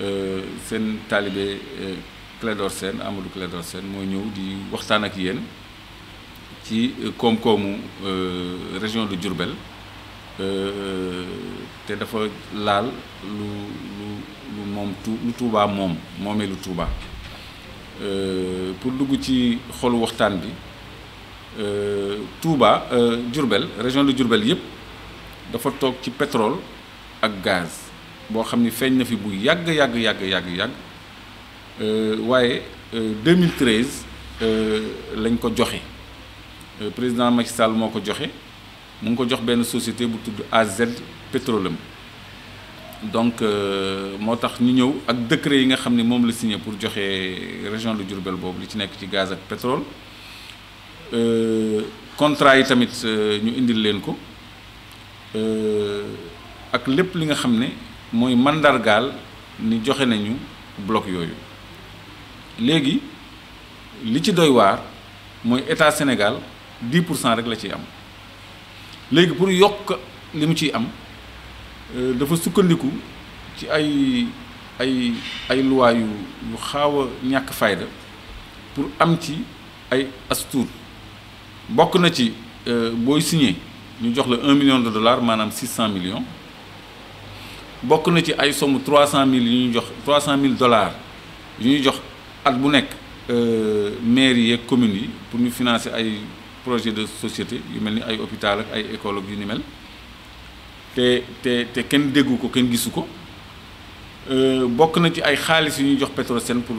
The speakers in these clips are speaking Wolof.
Euh, seen taalibe euh, Clédor seen Amadou Clédor Sène moo ñëw di waxtaan ak yéen ci euh, koom-koomu région de Diourbel te dafa laal lu lu lu moom tu moom moomee lu Touba pour dugg ci xolu waxtaan bi Touba Diourbel région de Diourbel yëpp dafa toog ci petrol ak gaz boo xam ni feeñ na fi bu yàgg yàgg yàgg yàgg yàgg euh, waaye 2013 euh, euh, lañ ko joxe président Macky Sall moo ko joxe mu ngi ko jox benn société bu tudd AZ pétrolem donc moo tax ñu ñëw ak décret yi nga xam ni moom la signé pour joxe région de Diourbel boobu li ci nekk ci gaz ak pétrole contrat yi tamit ñu indil leen ko ak lépp li nga xam ne. mooy mandargaal ni joxe nañu bloc yooyu léegi li ci doy waar mooy état Sénégal 10 pour cent rek la ciy am léegi pour yokk li mu ciy am euh, dafa sukkandiku ci ay ay ay loi yu yu a ñàkk fayda pour am ci ay astour bokk na ci euh, booy signé ñu jox la un million de dollars maanaam six cent millions bokk na ci ay somme trois cent mille yu ñu jox trois cent mille dollars yu ñu jox at bu nekk euh, maires yi yeeg communes yi pour ñu financer ay projet de société yu mel ni ay hôpital ak ay école ak yu ni mel te te kenn déggu ko kenn gisu ko euh, bokk na ci ay xaalis yu ñuy jox Petrosen pour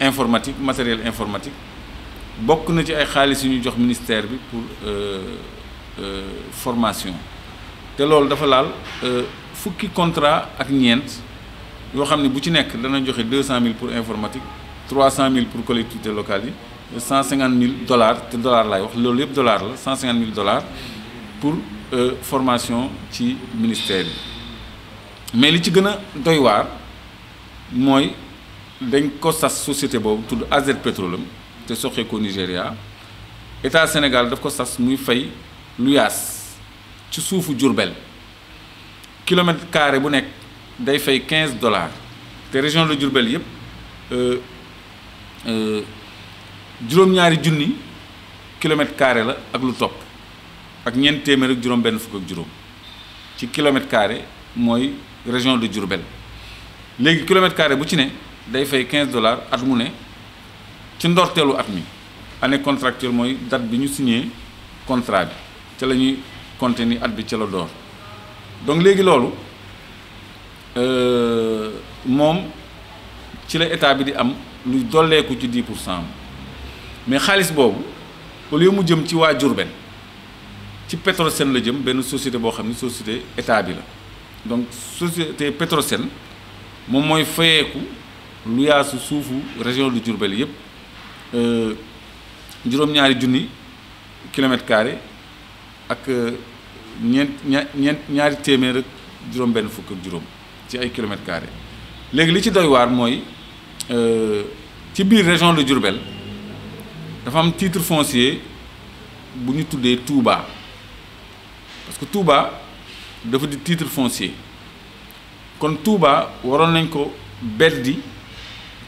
informatique matériel informatique bokk na ci ay xaalis yu ñuy jox ministère bi pour euh, formation te loolu dafa laal fukki contrat ak ñeent yoo xam ne bu ci nekk dana joxe deux cent mille pour informatique trois cent mille pour collectivité locale yi cent cinquante mille dollars te dollar laay wax loolu yëpp dollar la cent cinquante mille dollars pour euh, formation ci ministère bi mais li ci gën a doy waar mooy dañ ko sas société boobu tudd AZ Petroleum te soxee ko Nigéria état Sénégal daf ko sas muy fay lu yaas ci suufu Jurbel kilomètre carré bu nekk day fay quinze dollars te région de Diourbel yëpp euh, euh, juróom-ñaari junni kilomètre carré la ak lu topp ak ñeent téeméer ak juróom-benn fukk ak juróom ci kilomètre carré mooy région de Diourbel léegi kilomètre carré bu ci ne day fay quinze dollars at mu ne ci ndorteelu at mi année contractuelle mooy dat bi ñu signé contrat bi ca la ñuy compter ni at bi ca la door. donc léegi loolu euh, moom ci la état bi di am lu dolleeku ci 10 pour cent mais xaalis boobu au lieu mu jëm ci waa Diourbel ci Petrosen la jëm benn société boo xam ne société état bi la donc société Petrosen moom mooy fayeeku lu yaasu suufu région de Diourbel yépp euh, juróom-ñaari junni kilomètre carré ak euh, ñeent ñeent ñaari téeméer ak juróom benn fukk ak juróom ci ay kilomètres carrés léegi li ci doy waar mooy euh, ci biir région de Diourbel dafa am tiitre foncier bu ñu tuddee Touba parce que Touba dafa di titre foncier kon Touba waroon nañ ko beddi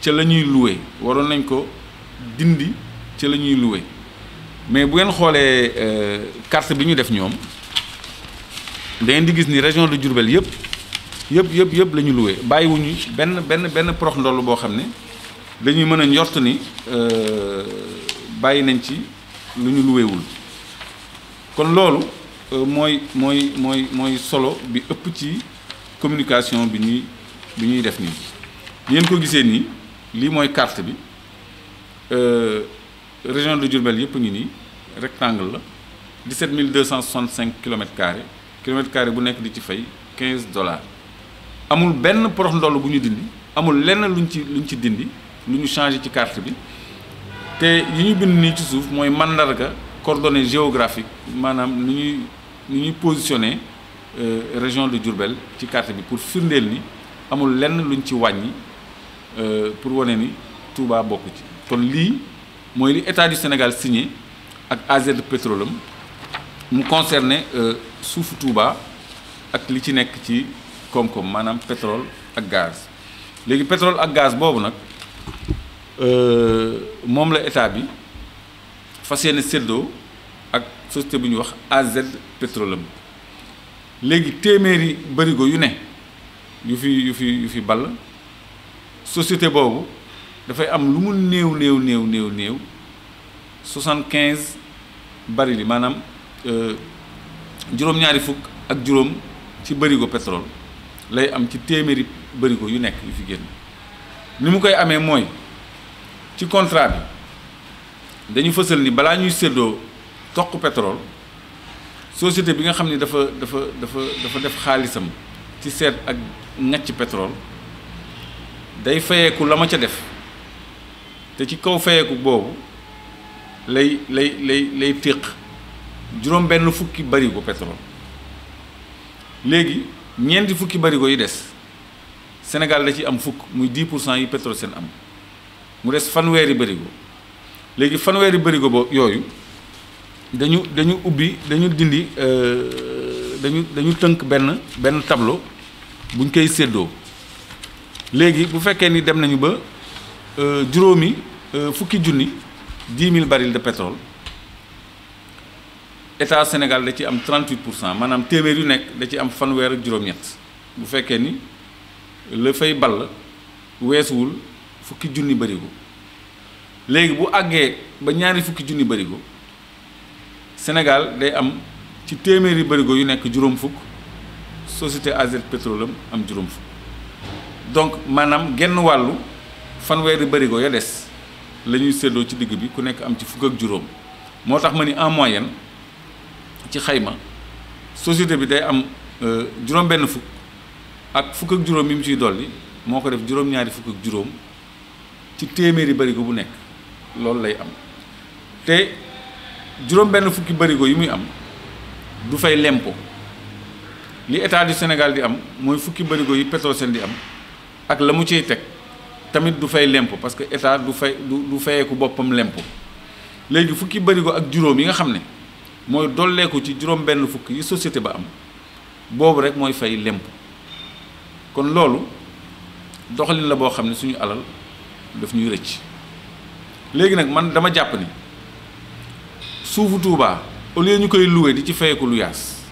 ca la ñuy loué waroon nañ ko dindi ca la ñuy loué mais bu ngeen xoolee euh, carte bi ñu def ñoom da di gis ni région de Diourbel yëpp yëpp yëpp yëpp la ñu loué bàyyiwuñu benn benn benn prox ndoll boo xam ne dañuy mën a njort ni euh, bàyyi nañ ci lu ñu luweewul kon loolu euh, mooy mooy mooy mooy solo bi ëpp ci communication bi ñuy bi ñuy def nii ngeen ko gisee nii lii mooy carte bi euh, région de Diourbel yëpp ngi nii rectangle la 17 265 kilomètres carrés kilomètre carré bu nekk di ci fay 15 dollars amul benn porox bu ñu dindi amul lenn luñ ci luñ ci dindi lu ñu changé ci carte bi te yi ñu bind nii ci suuf mooy mandarga coordonnées géographiques maanaam ni ñuy ni ñuy positionné euh, région de jurbel ci carte bi pour firndeel ni amul lenn lu luñ ci wàññi euh, pour wane ni Touba bokk ci kon lii mooy li état du Sénégal signé ak AZ Petroleum mu concerné euh, suufu Touba ak li ci nekk ci koom-koom maanaam pétrole ak gaz léegi pétrole ak gaz boobu nag euh, moom la état bi fas yéene séddoo ak société bu ñuy wax AZ Petroleum léegi téeméeri bërigo yu ne yu fi yu fi yu fi ball société boobu dafay am lu mu néew néew néew néew néew soixante quinze baril yi maanaam Euh, juróom-ñaari fukk ak juróom ci bërigo pétrole lay am ci téeméeri bërigo yu nekk yu fi génn ni mu koy amee mooy ci contrat bi dañu fësal ni balaa ñuy séddoo toq petrol société bi nga xam ni dafa dafa dafa dafa def xaalisam ci seet ak ngacc petrol day fayeeku la ma ca def te ci kaw fayeeku boobu lay lay lay lay téq juróom benn fukki barigo pétrole léegi ñeenti fukki barigo yi des Sénégal da ci am fukk muy 10 pour cent yi seen am mu des fanweeri barigo léegi fanweeri barigo bo yooyu dañu dañu ubbi dañu dindi euh, dañu dañu tënk benn benn tableau buñ koy séddoo léegi bu fekkee ni dem nañu ba euh, juróomi euh, fukki junni 10 000 barils de pétrole état Sénégal da ci am 38 pour cent maanaam téeméer yu nekk da ci am fanweer ak juróom-ñett bu fekkee ni la fay ball weesuwul fukki junni bërigo léegi bu àggee ba ñaari fukki junni bërigo Sénégal day am ci téeméeri bërigo yu nekk juróom fukk société AZ Petroleum am juróom fukk donc maanaam genn wàllu fanweeri bërigo ya des la ñuy séddoo ci digg bi ku nekk am ci fukk ak juróom moo tax ma ni en moyenne ci xayma société bi day am euh, juróom-benn fukk ak fukk ak juróom yi mu ciy dolli moo ko def juróom-ñaari fukk ak juróom ci téeméeri barigo bu nekk loolu lay am te juróom-benn fukki barigo yi muy am du fay lempo li état du Sénégal di am mooy fukki barigo yi Petrosen di am ak la mu ciy teg tamit du fay lempo parce que état du fay du du fayeeku boppam lempo léegi fukki barigo ak juróom yi nga xam ne. mooy dolleeku ci juróom-benn fukk yi société ba am boobu rek mooy fay lemp kon loolu doxalin la boo xam ne suñu alal daf ñuy rëcc léegi nag man dama jàpp ni suufu Touba au lieu ñu koy loué di ci fayeku lu yaas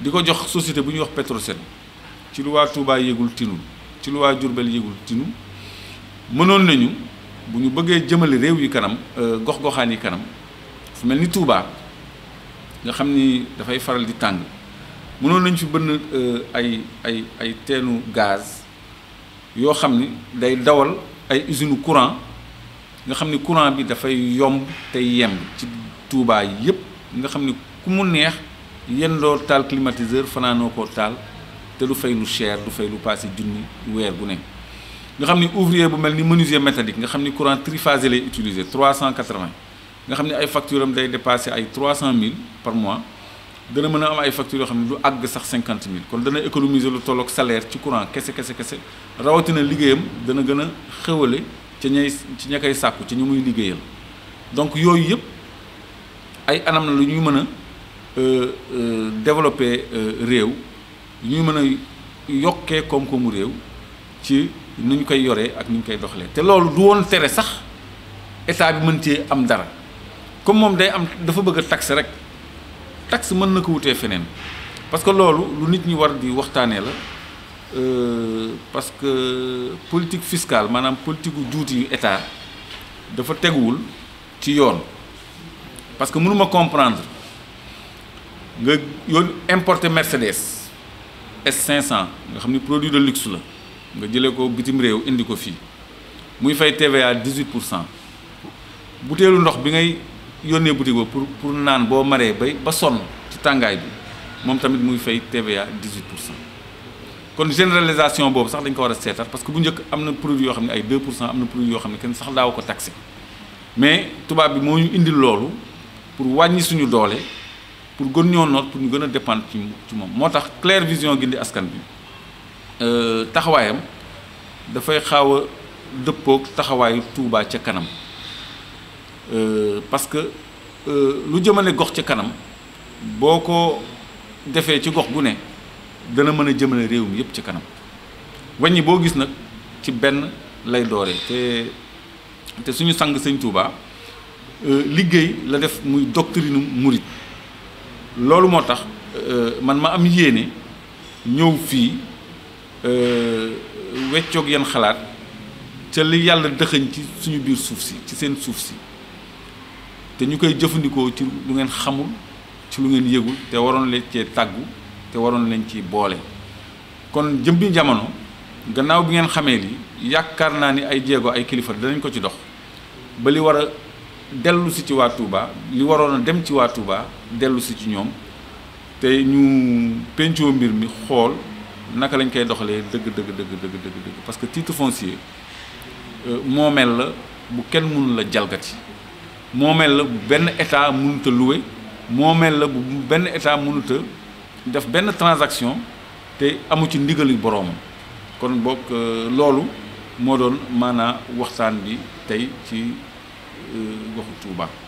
di ko jox société bu ñuy wax Petrosen ci lu waa Touba yëgul tinul ci lu waa Jurbel yëgul tinul mënoon nañu bu ñu bëggee jëmale réew yi kanam euh, gox goxaan yi kanam fu mel ni tuubaa nga xam ni dafay faral di tàng mënoon nañ fi bënn euh, ay ay ay teenu gaz yoo xam ni day dawal ay usine courant nga xam ni courant bi dafay yomb te yem ci Touba yépp nga xam ni ku mu neex yendoo taal climatiseur fanaanoo ko taal te du fay lu cher du fay lu passé junni weer bu ne nga xam ni ouvrier bu mel ni menuisier métallique nga xam ni courant triphasé lay utiliser 380 nga xam ne ay facture am day dépasser ay trois cent mille par mois dana mën a am ay factures yoo xam ne du àgg sax cinquante mille kon dana économiser lu tolloog salaire ci courant kese kese kese rawatina liggéeyam dana gën a xéwale ci ñay ci ña koy sàkku ci ñu muy liggéeyal donc yooyu yëpp ay anam na lu ñuy mën a euh, euh, développer euh, réew lu ñuy mën a yokkee koom-koomu réew ci nu ñu koy yoree ak nu ñu koy doxalee te loolu du woon tere sax état bi mën cee am dara. comme moom day am dafa bëgg a taxe rek taxe mën na ko wutee feneen parce que loolu lu nit ñi war di waxtaanee la euh, parce que politique fiscale maanaam politique juuti yu état dafa teguwul ci yoon parce que mënuma comprendre nga yoon importer Mercedes S500 nga xam ni produit de luxe la nga jëlee ko bitim réew indi ko fii muy fay TVA 18 pour cent butéelu ndox bi ngay. yónnee boutique ba pour pour naan boo maree bay ba sonn ci tàngaay bi moom tamit muy fay TVA 18 pour cent kon généralisation boobu sax dañ ko war a seetal parce que bu njëkk am na produit yoo xam ay 2 pour cent am na produit yoo xam ne kenn sax daaw ko taxé mais tubaab bi moo ñu indil loolu pour wàññi suñu doole pour gën ñoo noot pour ñu gën a dépendre ci ci moom moo tax Claire Vision gindi askan bi euh, taxawaayam dafay xaaw a dëppoog taxawaayu tuubaa ca kanam. Euh, parce que euh, lu jëmale gox ci kanam boo ko defee ci gox gu ne dana mën a jëmane réew mi yëpp ci kanam wàññi boo gis nag ci benn lay doore te te suñu sang sëñ Touba euh, liggéey la def muy doctrine murit loolu moo tax man ma am yéene ñëw fii weccoog yan xalaat ca li yàlla dëxëñ ci suñu biir suuf si ci seen suuf si te ñu koy jëfandikoo ci lu ngeen xamul ci lu ngeen yëgul te waroon leen cee tàggu te waroon leen ci boole kon jëm bi jamono gannaaw bi ngeen xamee li yaakaar naa ni ay jéego ay kilifa danañ ko ci dox ba li war a dellu si ci waa Touba li waroon a dem ci waa Touba dellu si ci ñoom te ñu penco mbir mi xool naka lañ koy doxalee dëgg dëgg dëgg dëgg dëgg parce que titre foncier euh, moomeel la bu kenn mënu la jalgati. moomeel la bu benn état mënut a loué moomeel la bu benn état mënut a def benn transaction te amu ci ndigalu boroomam kon boog euh, loolu moo doon maanaa waxsaan bi tey ci waxu euh, Touba.